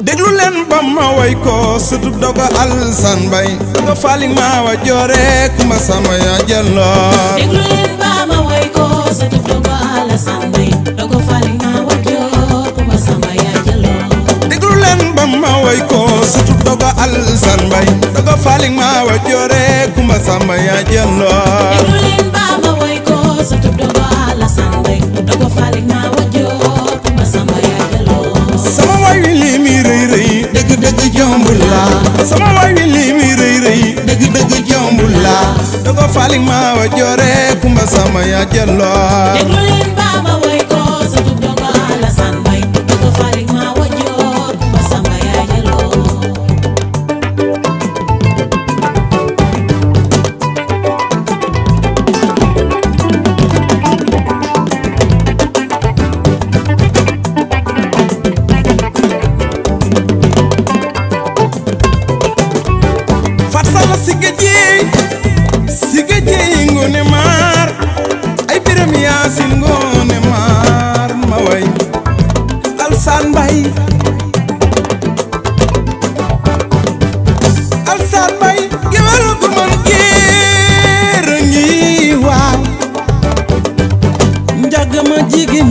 déglu leen ba ma way ko sutub dogo alsan bay dogo faali ma wa joore kuma sama ya jëlloor déglu leen ba ma way ko sutub dogo alsan bay dogo faali ma wa joore kuma sama ya jëlloor déglu leen ba ma way ko sutub dogo alsan bay dogo faali ma wa joore Samba yaa jëndoon. déglu leen Baba woy ko sa tub dogo Alassane Mbaye dogo Falick naa wajjoo Kumba Samba yaa jëloon. sama waay wi lii mi rëy rëy dëgg dëgg jombul laa. sama waay wi lii mi rëy rëy dëgg dëgg jombul laa. dogo Falick maa wajjooree Kumba Samba yaa jëloon. déglu leen Baba woy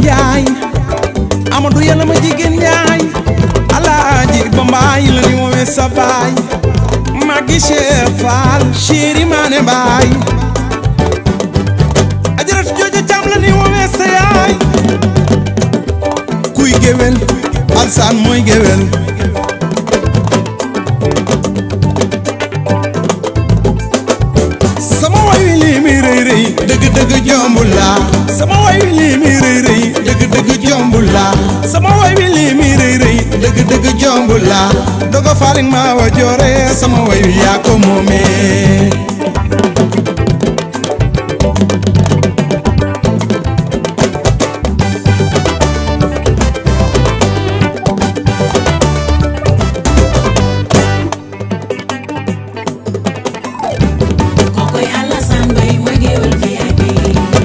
a Amadou yàlla ma jigéen njaay alaaji ba mbaay la ni woowee sa baay magi Cheikh Fall maane baay ajaratu jooju cam la ni woowee sa yaay kuy géwél alsaan mooy géwél bambula dogo faling ma wa joore sama wayu yaa ko moomee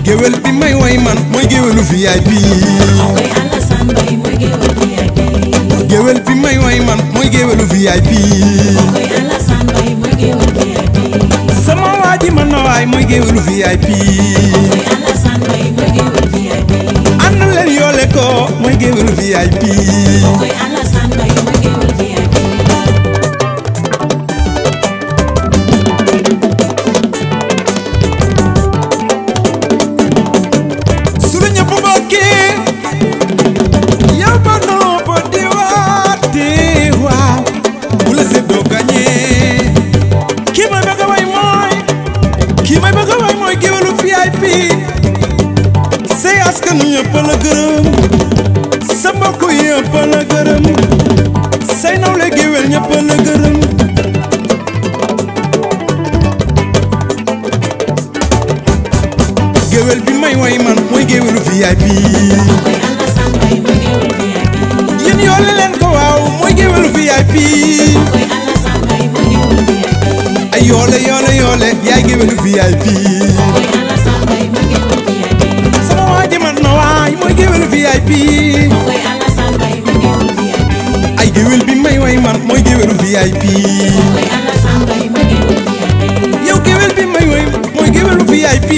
géwél bi may way man mooy géwélu VIP géwélu VIP. sama waa ji man na waay mooy géwélu VIP. ànd leen yoole ko mooy géwélu VIP. la séddoo gagné kii a way mooy kii a la gërëm sa mbokk yëpp la gërëm say nawle géwél ñëpp la gërëm géwél bi may way man mooy géwélu VIP VIP yoole yoole yoole yaay géwélu VIP VIP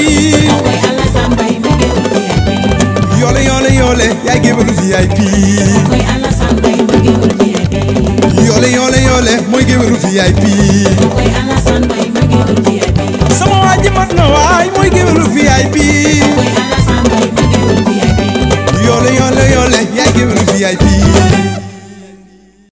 yoole yoole yoole yaay géwélu VIP géwélu VIP. mooy Alassane Mbaye ma géwélu VIP. sama waa ji mat na waay mooy géwélu.